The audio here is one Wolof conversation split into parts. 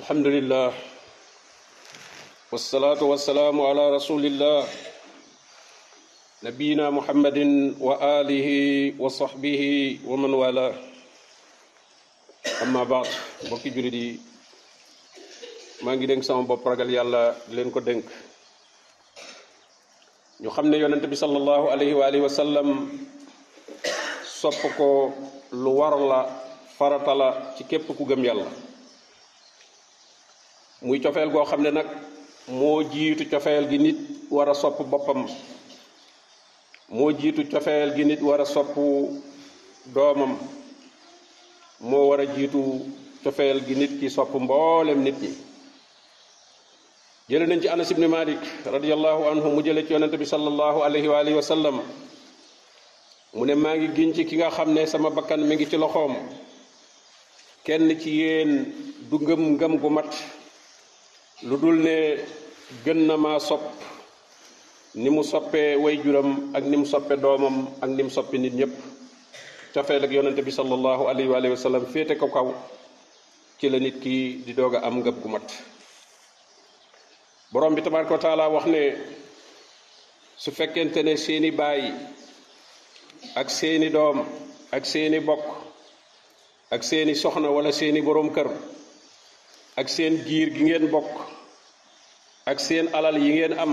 الحمد لله والصلاة والسلام على رسول الله نبينا محمد وآله وصحبه ومن والاه أما بعد بكي جريدي ما نجي دنك سام بابا رجال يلا لين كدنك يخمن يوم النبي صلى الله عليه وآله وسلم صفكو لوارلا فرطلا تكيبكو جم يلا يلا muy cofeel goo xam ne nag moo jiitu cofeel gi nit war a sopp boppam moo jiitu cofeel gi nit war a sopp doomam moo war a jiitu cofeel gi nit ki sopp mboolem nit ñi jële nañ ci anas ibni malik radiallahu anhu mu jële ci yonente bi salallahu alayhi wa mu ne maa ngi giñ ci ki nga xam ne sama bakkan mi ngi ci loxoom kenn ci yéen du ngëm ngëm gu mat ludul ne gën na maa sopp ni mu soppee way juram ak ni mu soppe doomam ak ni mu soppe nit ñëpp cofeel ak yonente bi salallahu alayhi wa alihi wa sallam féete ko kaw ci la nit ki di doog a am ngëb gu mat borom bi tabaraka wa taala wax ne su fekkente ne seeni bàyyi ak seeni doom ak seeni bokk ak seeni soxna wala seeni borom kër ak seen giir gi ngeen bokk ak seen alal yi ngeen am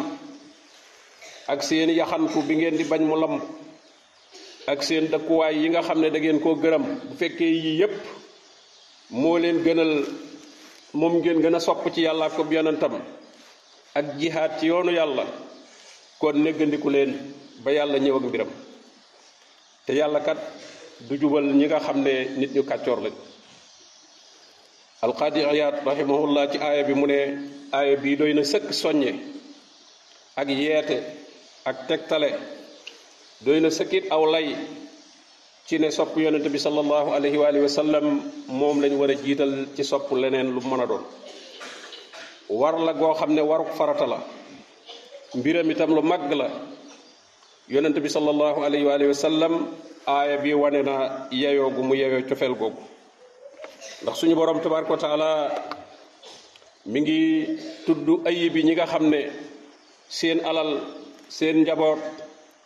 ak seen yaxantu bi ngeen di bañ mu lamb ak seen dëkkuwaay yi nga xam ne da ngeen koo gërëm bu fekkee yii yépp moo leen gënal moom ngeen gën a sopp ci yàlla ko yonentam ak jihaad ci yoonu yàlla kon leen ba yàlla ñëw ak mbiram te yàlla kat du jubal ñi nga xam ne nit ñu kàccoor alqaadi iyaad rahimahullah ci aaya bi mu ne aaya bii doy na sëkk soññe ak yeete ak tegtale doy na sëkkit aw lay ci ne sopp yonent bi sallallahu alayhi wa moom lañ war a jiital ci sopp leneen lu mën a doon war la goo xam ne waruk farata la mbiram itam lu màgg la yonent bi sallallahu alayhi wa alihi aaya bi wane na yeyoo gu mu yeyoo cofeel googu ndax suñu borom tabaraka wa taala mi ngi tudd ayib yi ñi nga seen alal seen njaboot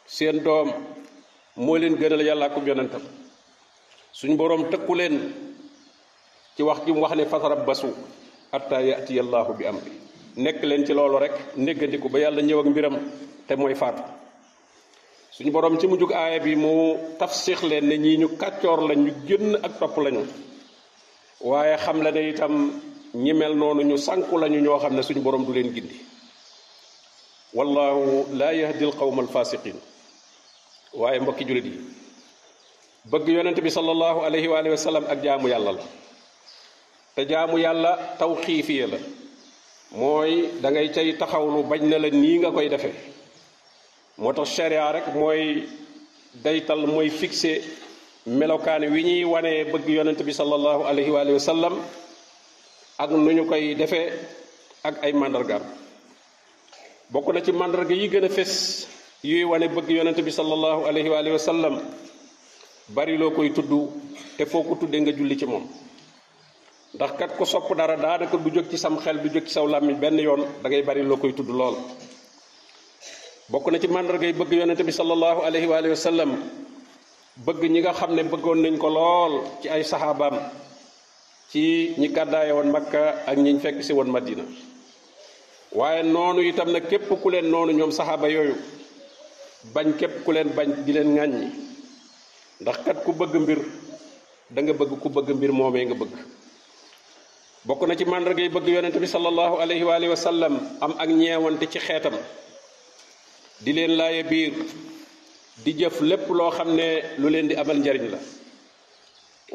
seen doom moo leen gënal yàlla ak yonentam suñu borom tëkku leen ci wax ji mu wax ne fatarabbasu hatta yati allahu bi amri nekk leen ci loolu rek néggandiku ba yàlla ñëw ak mbiram te mooy faatu suñu borom ci mujjug aaya bi mu tafsix leen ne ñii ñu kàccoor lañ ñu génn ak topp lañu waaye xam la ne itam ñi mel noonu ñu sànku lañu ñoo xam ne suñu borom du leen gindi wallahu la yahdi alqawm alfasiqin waaye mbokki julit yi bëgg yonent bi sallallahu alayhi wa alihi wa sallam ak jaamu yàlla la te jaamu yàlla taw la mooy da ngay cay taxawlu bañ na la nii nga koy defee moo tax sharia rek mooy daytal mooy fixer melokaan wi ñuy wane bëgg yonent bi sallallahu alayhi wa sallam ak nu ñu koy defee ak ay màndargaam bokk na ci màndarga yi gën a yuy wane bëgg yonent bi sallallahu alayhi wa sallam bari loo koy tudd te foo ko tuddee nga julli ci moom ndax kat ko sopp dara daanaka du jóg ci sam xel du jóg ci saw làmmiñ benn yoon da ngay bari loo koy tudd lool bokk na ci màndarga yi bëgg yonent bi sallallahu alayhi wa sallam bëgg ñi nga xam ne bëggoon nañ ko lool ci ay saxaabaam ci ñi woon makka ak ñiñ fekk si woon madina waaye noonu itam nag képp ku leen noonu ñoom saxaaba yooyu bañ képp ku leen bañ di leen ŋàññi ndax kat ku bëgg mbir da nga bëgg ku bëgg mbir moomee nga bëgg bokk na ci bëgg yonente bi salallahu alayhi wa alihi wa sallam am ak ñeewante ci xeetam di leen laaye biir di jëf lépp loo xam ne lu leen di amal njariñ la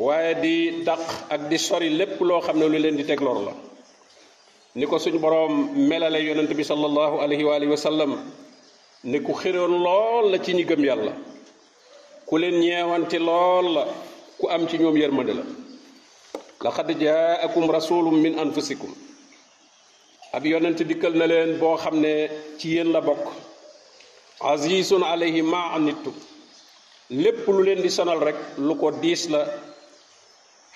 waaye di dàq ak di sori lépp loo xam ne lu leen di teg lor la ni ko suñu borom melale yonent bi sallallahu alayhi wa alihi wa sallam ni ku xëroon lool la ci ñi gëm yàlla ku leen ñeewante lool la ku am ci ñoom yërmande la laqad jaakum rasulum min anfusikum ab yonent dikkal na leen boo xam ne ci yéen la bokk azizun maa ma anittum lépp lu leen di sonal rek lu ko diis la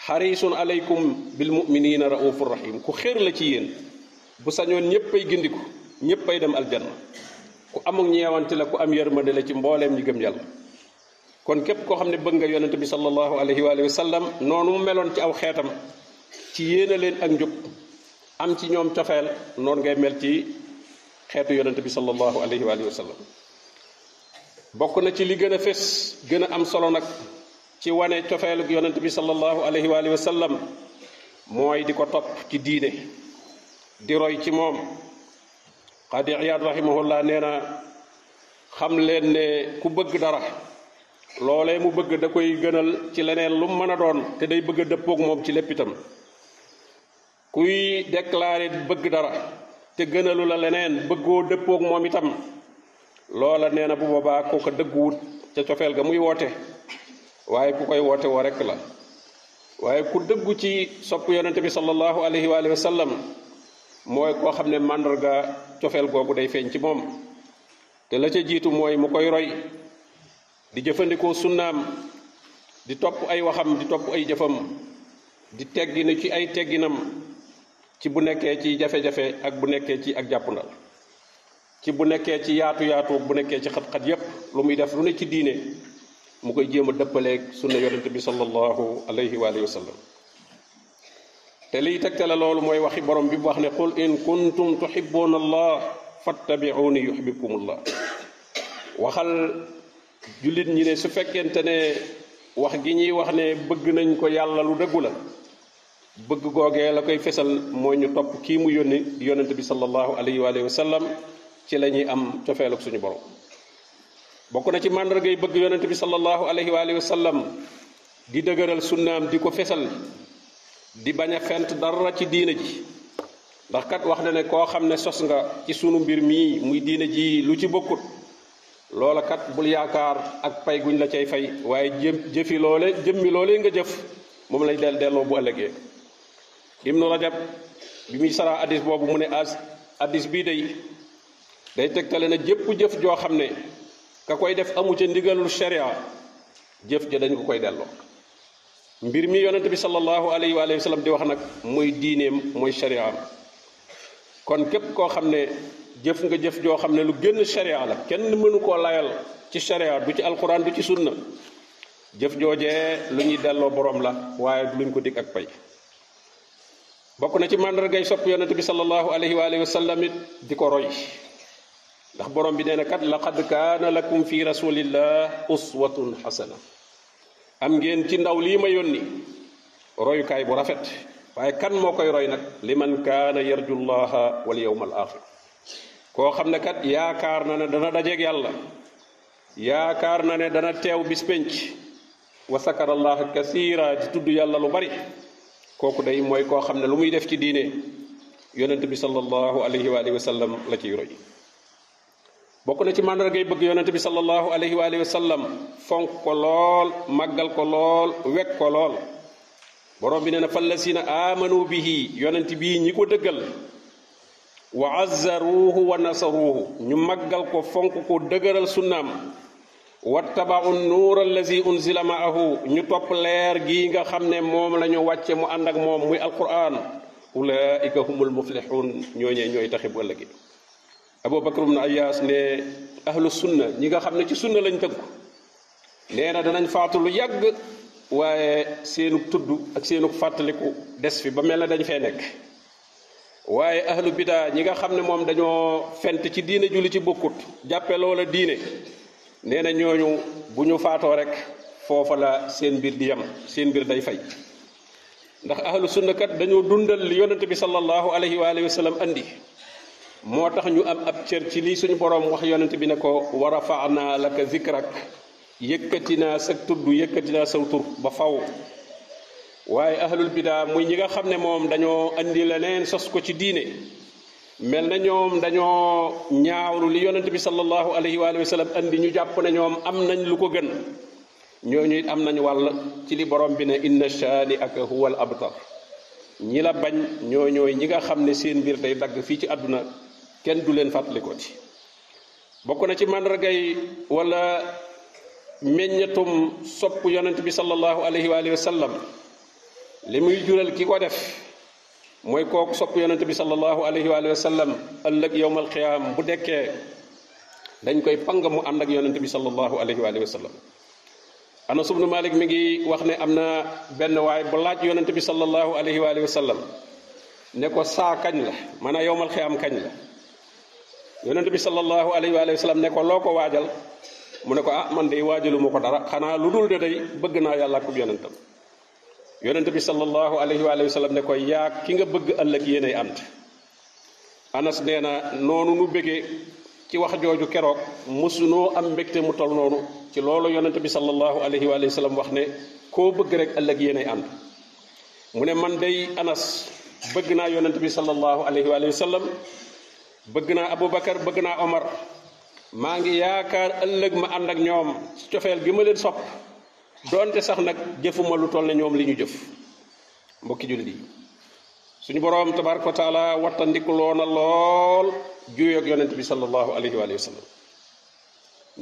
xarisun aleykum bil muminina raufur rahim ku xér la ci yéen bu sañoon ñépp ay gindiku ñépp ay dem aljanna ku amuk ñeewante la ku am yërmande la ci mbooleem ñi gëm yàlla kon képp koo xam ne bëgg nga yonente bi sallallahu alayhi wa sallam noonu mu meloon ci aw xeetam ci yéene leen ak njub am ci ñoom cofeel noonu ngay mel ci xeetu yonente bi sallallahu alayhi wa sallam bokk na ci li gën a fés gën a am solo nag ci wane cofeelug yonent bi sallallahu alayhi wa alihi wa mooy di ko topp ci diine di roy ci moom xadi iyaad rahimahullah nee na xam leen ne ku bëgg dara loolee mu bëgg da koy gënal ci leneen lu mën a doon te day bëgg a dëppoog moom ci lépp itam kuy déclaré bëgg dara te gënalu la leneen bëggoo dëppoog moom itam loola neena bu boba ko ko dëgguwut ca cofeel ga muy woote waaye ku koy woote woo rekk la waaye ku dëggu ci sopp yonente bi salallahu alayhi wa alihi wa sallam mooy koo xam ne mandarga cofeel googu day feeñ ci moom te la ca jiitu mooy mu koy roy di jëfandikoo sunnaam di topp ay waxam di topp ay jëfam di teggina ci ay tegginam ci bu nekkee ci jafe-jafe ak bu nekkee ci ak jàppndal ci bu nekkee ci yaatu yaatu bu nekkee ci xat-xat yépp lu muy def lu ne ci diine mu koy jéem a dëppaleeg sunna yonent bi sallallahu alayhi wa alihi wa sallam te liy tegtale loolu mooy waxi borom bi bu wax ne qul in kuntum tuhibbuna allah fattabi'uni allah waxal julit ñi ne su fekkente ne wax gi ñuy wax ne bëgg nañ ko yàlla lu dëggu la bëgg googee la koy fesal mooy ñu topp kii mu yónni yonent bi sallallahu alayhi wa alihi wa sallam ci la am cofeel ak suñu borom bokk na ci màndarga yi bëgg yonente bi salallahu alayhi wa alihi wa sallam di dëgëral sunnaam di ko fesal di bañ a fent dara ci diina ji ndax kat wax na ne koo xam ne sos nga ci sunu mbir mii muy diina ji lu ci bokkut loola kat bul yaakaar ak pay guñ la cay fay waaye jëfi loole jëmmi loole nga jëf moom lañ del delloo bu ëllëgee ibnu rajab bi muy sara mu ne as hadis day day tegtale na jëpp jëf joo xam ne ka koy def amu ca ndigalul sharia jëf ja dañ ko koy delloo mbir mi yonent bi sallallahu alayhi wa sallam di wax nag mooy diineem mooy shariaam kon képp koo xam ne jëf nga jëf joo xam ne lu génn sharia la kenn mënu koo layal ci sharia du ci alquran du ci sunna jëf joojee lu ñuy delloo boroom la waaye luñ ko dig ak pay bokk na ci màndargay sopp yonent bi sallallahu alayhi wa sallam it di ko roy ndax borom bi neena kat laqad kana lakum fi rasulillah uswatun hasana am ngeen ci ndaw li ma yónni kay bu rafet waye kan mo koy roy nak liman kana yarjullaha wal yawmal akhir ko xamne xam ne kat yaakaar na ne dana dajje ak yàlla yaakaar na ne dana tew bis penc wa sakara allah kaseera ci tudd yàlla lu bari koku day moy ko xamne lu muy def ci diine yonnate bi sallallahu alayhi wa alihi wa sallam la ci roy bokk na ci màndargay bëgg yonent bi sallallahu alayhi wa alihi wa sallam fonk ko lool màggal ko lool wekk ko lool borom bi nee na fallasina amanu bihi yonent bii ñi ko dëggal wa azzaruuhu wa nasaruuhu ñu màggal ko fonk ko dëgëral sunnaam wattabaau nuur allazi unzila maahu ñu topp leer gi nga xam ne moom lañu wàcce mu ànd ak moom muy alquran ulaika humul muflixuun ñooñee ñooy taxi bu ëllëgi Aboubacar ibn Ayas ne ahlu sunna ñi nga xam ne ci sunna lañu tënku nee na danañ faatu lu yàgg waaye seenu tudd ak seenu fàttaliku des fi ba mel na dañ fee nekk waaye ahlu bidaa ñi nga xam ne moom dañoo fent ci diine julli ci bokkut jàppe loola diine nee na ñooñu bu ñu faatoo rek foofa la seen mbir di yem seen mbir day fay ndax ahlu sunna kat dañoo dundal li yonente bi sallallahu alayhi wa alihi wa moo tax ñu am ab cër ci lii suñu boroom wax yonent bi ne ko wa rafaanaa laka zikrak yëkkati naa sa tudd yëkkati naa saw ba faw waaye ahlul bidaa muy ñi nga xam ne moom dañoo andi leneen sos ko ci diine mel na ñoom dañoo ñaawlu li yonent bi sallallahu alayhi wa sallam andi ñu jàpp na ñoom am nañ lu ko gën ñooñu it am nañ wàll ci li borom bi ne inna shaani aka huwal abtar ñi la bañ ñoo ñooy ñi nga xam ne seen mbir day dagg fii ci àdduna kenn du leen fàttalikoti bokk na ci màndargay wala meññatum sopp yonent bi sallallahu alayhi wa alihi wa sallam li muy jural ki ko def mooy kook sopp yonent bi sallallahu alayhi wa alihi wa sallam ëllëg yowmal qiyaam bu dekkee dañ koy pang mu ànd ak yonent bi sallallahu alayhi wa alihi wa sallam Anas Malik mi ngi wax ne am na benn waay bu laaj yonent bi sallallahu alayhi wa alihi wa sallam ne ko saa kañ la maanaam yowmal qiyaam kañ la yonent bi sallallahu alayhi wa sallam ne ko loo ko waajal mu ne ko ah man de waajaluma ko dara xanaa lu dul de day bëgg naa yàlla ak yonentam yonent bi sallallahu alayhi wa sallam ne ko yaa ki nga bëgg ëllëg yéenay ànd anas nee na noonu nu bëggee ci wax jooju keroog mosunoo am mbégte mu tol noonu ci loolu yonent bi sallallahu alayhi wa sallam wax ne koo bëgg rek ëllëg yéenay ànd mu ne man day anas bëgg naa yonent bi sallallahu alayhi wa sallam bëgg naa Aboubacar bëgg naa Omar maa ngi yaakaar ëllëg ma ànd ak ñoom cofeel bi ma leen sopp doonte sax nag jëfuma lu toll ne ñoom li ñu jëf mbokki jullit yi suñu boroom tabaraka wa taala wattandikuloo na lool juyoog yonent bi sallallahu alayhi wa sallam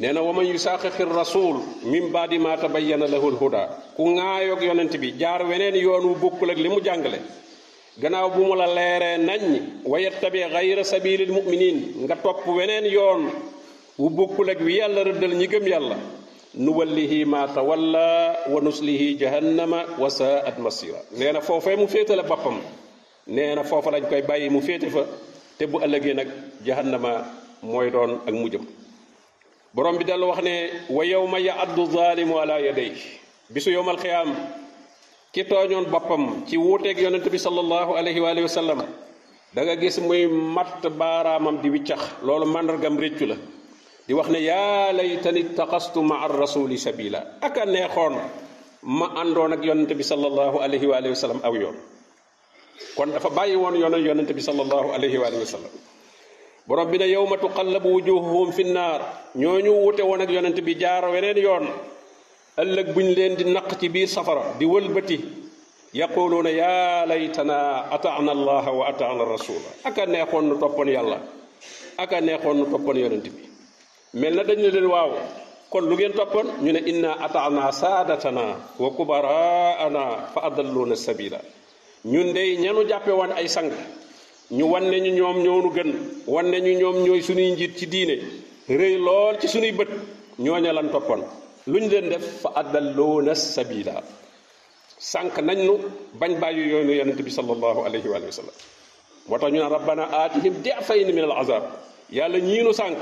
nee na wa man yusaaqiqi rasul min baadi ma tabayyana lahu lhuda ku ŋaayoog yonent bi jaar weneen yoon wu bokkul ak li mu jàngale gannaaw bu mu la leeree nañ wa yattabi xayra sabilil muminin nga topp weneen yoon wu bokkul ak wi yàlla rëddal ñi gëm yàlla nu wallihi ma tawalla wa nuslihi jahannama wa saat masira nee na foofee mu féetale boppam nee na foofa lañ koy bàyyi mu féete fa te bu ëllëgee nag jahannama mooy doon ak mujjam borom bi dal wax ne wa yawma yaaddu zalimu ala yadayhi bisu yowmal xiyaam ki tooñoon Bapam, ci wuuteeg yonent bi sallallahu alayhi wa sallam da nga gis muy matt baaraamam di wiccax loolu màndargam réccu la di wax ne laytani ma ar rasuli sabila Akan a ma àndoon ak yonente bi salallahu alayhi wa alihi wa sallam aw yoon kon dafa bàyyi woon yoonu yonente bi salallahu alayhi wa alihi wa sallam borom bi ne yowma tuqallabu wujuhuhum fi nnaar ñooñu wute ak bi jaar ëllëg buñ leen di naq ci biir safara di wëlbati yaquluuna yaa laytana ataana allaha wa ataana rasula aka neexoon nu toppoon yàlla aka neexoon nu toppoon yonent bi mel na dañ ne leen waaw kon lu ngeen toppoon ñu ne inna ataana saadatana wa kubaraana fa adalluuna sabila ñun dey ñenu jàppe woon ay sang ñu wanne ñu ñoom ñoonu gën wanne ñu ñoom ñooy sunuy njiit ci diine rëy lool ci sunuy bët ñooña lan toppoon lu ñu leen def fa addalloona sabila sànq nañ nu bañ bàyyi yoonu yonente bi sallallahu alayhi wa sallam moo tax ñu ne rabbana aatihim defayn min al azab yàlla ñiinu sànq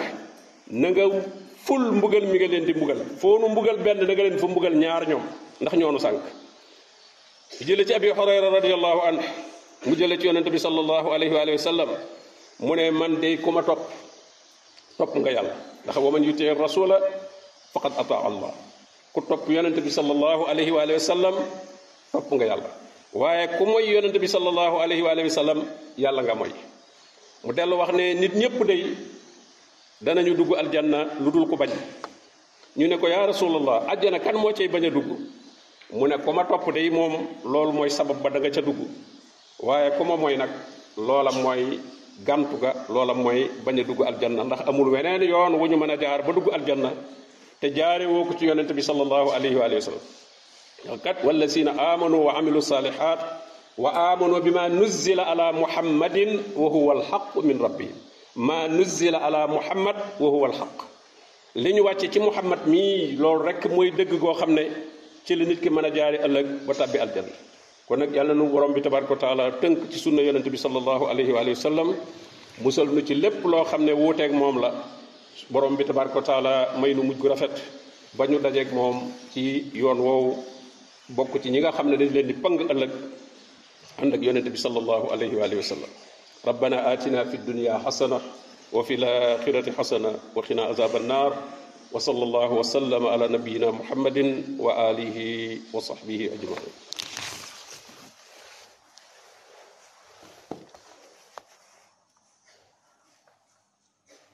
na nga ful mbugal mi nga leen di mbugal foo nu mbugal benn na nga leen fa mbugal ñaar ñoom ndax ñoonu sànq jële ci abi xurayra radiallahu an mu jële ci yonente bi sallallahu alayhi wa sallam mu ne man day ku ma topp topp nga yàlla ndax wa man yuti rasula faqad ataa allah ku topp yonente bi sallallahu alayhi wa alihi wa sallam topp nga yàlla waaye ku moy yonente bi sallallahu alayhi wa alihi wa sallam yàlla nga moy mu dellu wax ne nit ñépp day danañu dugg aljanna lu dul ko bañ ñu ne ko yaa rasulallah àjjana kan moo cay bañ a dugg mu ne ko ma topp day moom loolu mooy sabab ba da ca dugg waaye ku ma mooy nag loolam mooy gantu ga loola mooy bañ a dugg aljanna ndax amul weneen yoon wu ñu mën a jaar ba dugg aljanna te jaare woo ko ci yonente bi sallallahu alayhi wa sallam ñoo kat wallasina amanu wa amilu salihat wa amanu bima nuzila ala muhammadin wa huwa alhaq min rabbihim ma nuzila ala muhammad wa huwa alhaq li wàcce ci muhammad mi loolu rek mooy dëgg goo xam ne ci la nit ki mën a jaare ëllëg ba tàbbi aljanna kon nag yàlla nu borom bi tabaraka taala tënk ci sunna yonente bi sallallahu alayhi wa sallam musal nu ci lépp loo xam ne wuuteeg moom la borom bi tabaraka taala may nu mujj gu rafet ba ñu dajeeg moom ci yoon woowu bokk ci ñi nga xam ne dañ leen di pang ëllëg ànd ak yonente bi sallallahu alayhi wa alihi wa sallam rabbana atina fi dunya xasana wa fi laxirati xasana wa qina azaba annar wa sallallahu wa sallama ala nabiyina muhammadin wa alihi wa sahbihi ajmain